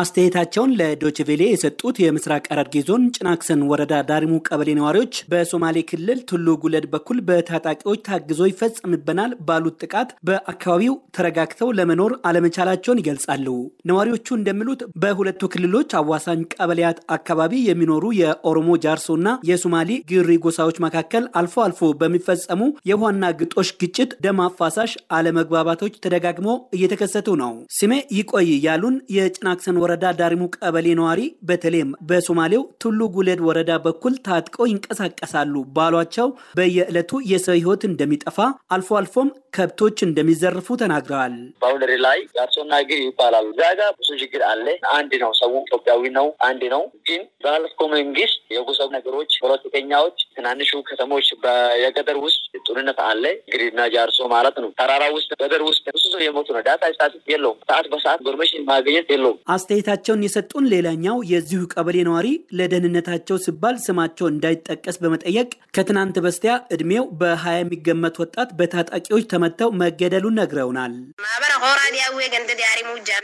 አስተያየታቸውን ለዶችቬሌ የሰጡት የምስራቅ ሐረርጌ ዞን ጭናክሰን ወረዳ ዳሪሙ ቀበሌ ነዋሪዎች በሶማሌ ክልል ቱሉ ጉለድ በኩል በታጣቂዎች ታግዞ ይፈጸምብናል ባሉት ጥቃት በአካባቢው ተረጋግተው ለመኖር አለመቻላቸውን ይገልጻሉ። ነዋሪዎቹ እንደሚሉት በሁለቱ ክልሎች አዋሳኝ ቀበሌያት አካባቢ የሚኖሩ የኦሮሞ ጃርሶና የሶማሌ ግሪ ጎሳዎች መካከል አልፎ አልፎ በሚፈጸሙ የውሃና ግጦሽ ግጭት ደም አፋሳሽ አለመግባባቶች ተደጋግሞ እየተከሰቱ ነው። ስሜ ይቆይ ያሉን የጭናክሰን ወረዳ ዳሪሙ ቀበሌ ነዋሪ በተለይም በሶማሌው ቱሉ ጉሌድ ወረዳ በኩል ታጥቀው ይንቀሳቀሳሉ ባሏቸው በየዕለቱ የሰው ህይወት እንደሚጠፋ አልፎ አልፎም ከብቶች እንደሚዘርፉ ተናግረዋል። ባውንደሪ ላይ ጋርሶና ግር ይባላሉ። እዛ ጋ ብዙ ችግር አለ። አንድ ነው፣ ሰው ኢትዮጵያዊ ነው፣ አንድ ነው። ግን ባለፈው መንግስት የጉሰብ ነገሮች ፖለቲከኛዎች ትናንሹ ከተሞች የገጠር ውስጥ ጦርነት አለ። ግሪና ጃርሶ ማለት ነው። ተራራ ውስጥ ገደር ውስጥ ብዙ ሰው የሞቱ ነው። ዳታ ስታቲክ የለውም። ሰዓት በሰዓት ኢንፎርሜሽን ማግኘት የለውም። አስተያየታቸውን የሰጡን ሌላኛው የዚሁ ቀበሌ ነዋሪ ለደህንነታቸው ሲባል ስማቸው እንዳይጠቀስ በመጠየቅ ከትናንት በስቲያ እድሜው በሀያ የሚገመት ወጣት በታጣቂዎች ተመተው መገደሉን ነግረውናል።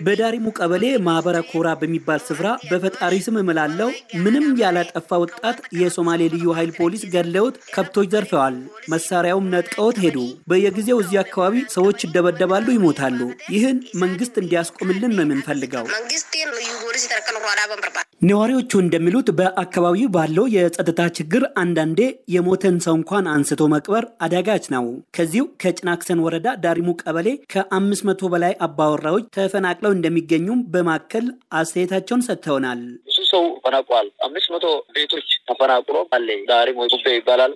በዳሪሙ ቀበሌ ማህበረ ኮራ በሚባል ስፍራ በፈጣሪ ስም እምላለው ምንም ያላጠፋ ወጣት የሶማሌ ልዩ ኃይል ፖሊስ በግልጽ ገድለውት ከብቶች ዘርፈዋል። መሳሪያውም ነጥቀውት ሄዱ። በየጊዜው እዚህ አካባቢ ሰዎች ይደበደባሉ፣ ይሞታሉ። ይህን መንግስት እንዲያስቆምልን ነው የምንፈልገው። ነዋሪዎቹ እንደሚሉት በአካባቢው ባለው የጸጥታ ችግር አንዳንዴ የሞተን ሰው እንኳን አንስቶ መቅበር አዳጋች ነው። ከዚሁ ከጭናክሰን ወረዳ ዳሪሙ ቀበሌ ከአምስት መቶ በላይ አባወራዎች ተፈናቅለው እንደሚገኙም በማከል አስተያየታቸውን ሰጥተውናል። ብዙ ሰው ፈናቋል። አምስት መቶ ቤቶች ተፈናቅሎ አለ። ዳሪሙ ጉቤ ይባላል።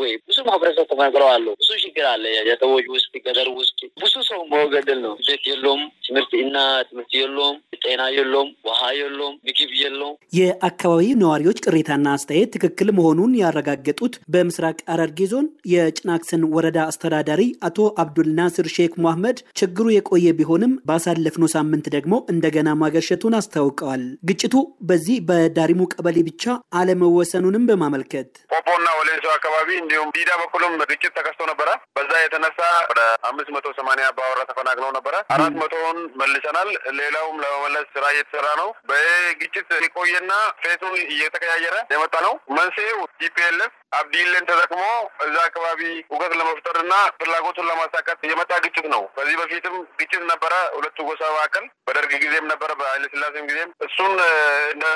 ወይ ብዙ ማህበረሰብ ተፈናቅለው አሉ። ብዙ ችግር አለ። የተወጅ ውስጥ ገደር ውስጥ ብዙ ሰው መወገድል ነው። ቤት የለውም። ትምህርት እና ትምህርት የለውም። ጤና የለውም። ውሃ የለውም። ምግብ የለ ያለው። የአካባቢ ነዋሪዎች ቅሬታና አስተያየት ትክክል መሆኑን ያረጋገጡት በምስራቅ ሐረርጌ ዞን የጭናክሰን ወረዳ አስተዳዳሪ አቶ አብዱልናስር ሼክ መሐመድ ችግሩ የቆየ ቢሆንም ባሳለፍነው ሳምንት ደግሞ እንደገና ማገርሸቱን አስታውቀዋል። ግጭቱ በዚህ በዳሪሙ ቀበሌ ብቻ አለመወሰኑንም በማመልከት ፖፖና ወሌንሶ አካባቢ እንዲሁም ዲዳ በኩልም ግጭት ተከስቶ ነበረ። በዛ የተነሳ ወደ አምስት መቶ ሰማኒያ በአወራ ተፈናቅለው ነበረ። አራት መቶውን መልሰናል። ሌላውም ለመመለስ ስራ እየተሰራ ነው። በግጭት የቆየና ፌቱን እየተቀያየረ የመጣ ነው። መንስኤው ቲፒኤልኤፍ አብዲሌን ተጠቅሞ እዛ አካባቢ እውቀት ለመፍጠር እና ፍላጎቱን ለማሳካት የመጣ ግጭት ነው። ከዚህ በፊትም ግጭት ነበረ፣ ሁለቱ ጎሳ መካከል በደርግ ጊዜም ነበረ፣ በኃይለስላሴም ጊዜም እሱን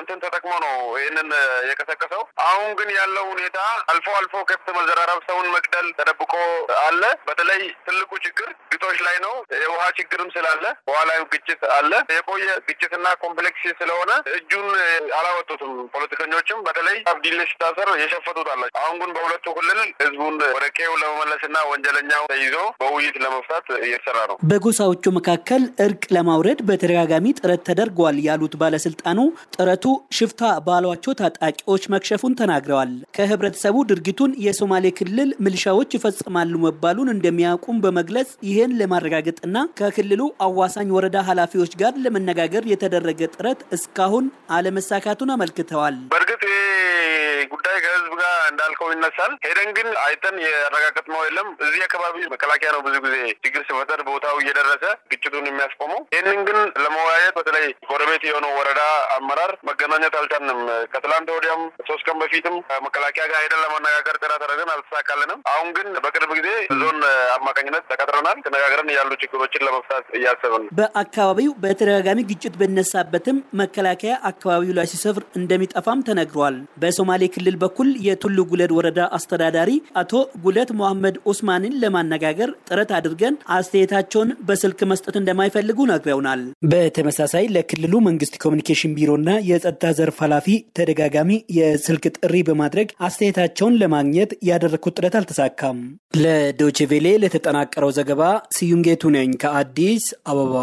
እንትን ተጠቅሞ ነው ይህንን የቀሰቀሰው። አሁን ግን ያለው ሁኔታ አልፎ አልፎ ከብት መዘራረብ፣ ሰውን መግደል ተደብቆ አለ። በተለይ ትልቁ ችግር ግጦሽ ላይ ነው። የውሃ ችግርም ስላለ ውሃ ግጭት አለ። የቆየ ግጭትና ኮምፕሌክስ ስለሆነ እጁን አላወጡትም። ፖለቲከኞችም በተለይ አብዲሌ ሲታሰር የሸፈቱት አላቸው። አሁን ግን በሁለቱ ክልል ህዝቡን ወደ ቀዬው ለመመለስና ወንጀለኛው ተይዞ በውይይት ለመፍታት እየተሰራ ነው። በጎሳዎቹ መካከል እርቅ ለማውረድ በተደጋጋሚ ጥረት ተደርጓል ያሉት ባለስልጣኑ ጥረቱ ሽፍታ ባሏቸው ታጣቂዎች መክሸፉን ተናግረዋል። ከህብረተሰቡ ድርጊቱን የሶማሌ ክልል ምልሻዎች ይፈጽማሉ መባሉን እንደሚያውቁም በመግለጽ ይህን ለማረጋገጥና ከክልሉ አዋሳኝ ወረዳ ኃላፊዎች ጋር ለመነጋገር የተደረገ ጥረት እስካሁን አለመሳካቱን አመልክተዋል። በእርግጥ ጉዳይ እንዳልከው ይነሳል። ሄደን ግን አይተን የአረጋገጥ ነው የለም። እዚህ አካባቢ መከላከያ ነው ብዙ ጊዜ ችግር ሲፈጠር ቦታው እየደረሰ ግጭቱን የሚያስቆመው። ይህንን ግን ለመወያየት በተለይ ጎረቤት የሆነው ወረዳ አመራር መገናኘት አልቻንም። ከትላንት ወዲያም ሶስት ቀን በፊትም መከላከያ ጋር ሄደን ለመነጋገር ጥረት አድርገን አልተሳካልንም። አሁን ግን በቅርብ ጊዜ ዞን አማካኝነት ተቀጥረናል። ተነጋግረን ያሉ ችግሮችን ለመፍታት እያሰብን በአካባቢው በተደጋጋሚ ግጭት በነሳበትም መከላከያ አካባቢው ላይ ሲሰፍር እንደሚጠፋም ተነግሯል። በሶማሌ ክልል በኩል የቱሉ ጉለ ሞገድ ወረዳ አስተዳዳሪ አቶ ጉለት መሐመድ ኡስማንን ለማነጋገር ጥረት አድርገን አስተያየታቸውን በስልክ መስጠት እንደማይፈልጉ ነግረውናል። በተመሳሳይ ለክልሉ መንግስት ኮሚኒኬሽን ቢሮና የጸጥታ ዘርፍ ኃላፊ ተደጋጋሚ የስልክ ጥሪ በማድረግ አስተያየታቸውን ለማግኘት ያደረግኩት ጥረት አልተሳካም። ለዶችቬሌ ለተጠናቀረው ዘገባ ስዩም ጌቱ ነኝ ከአዲስ አበባ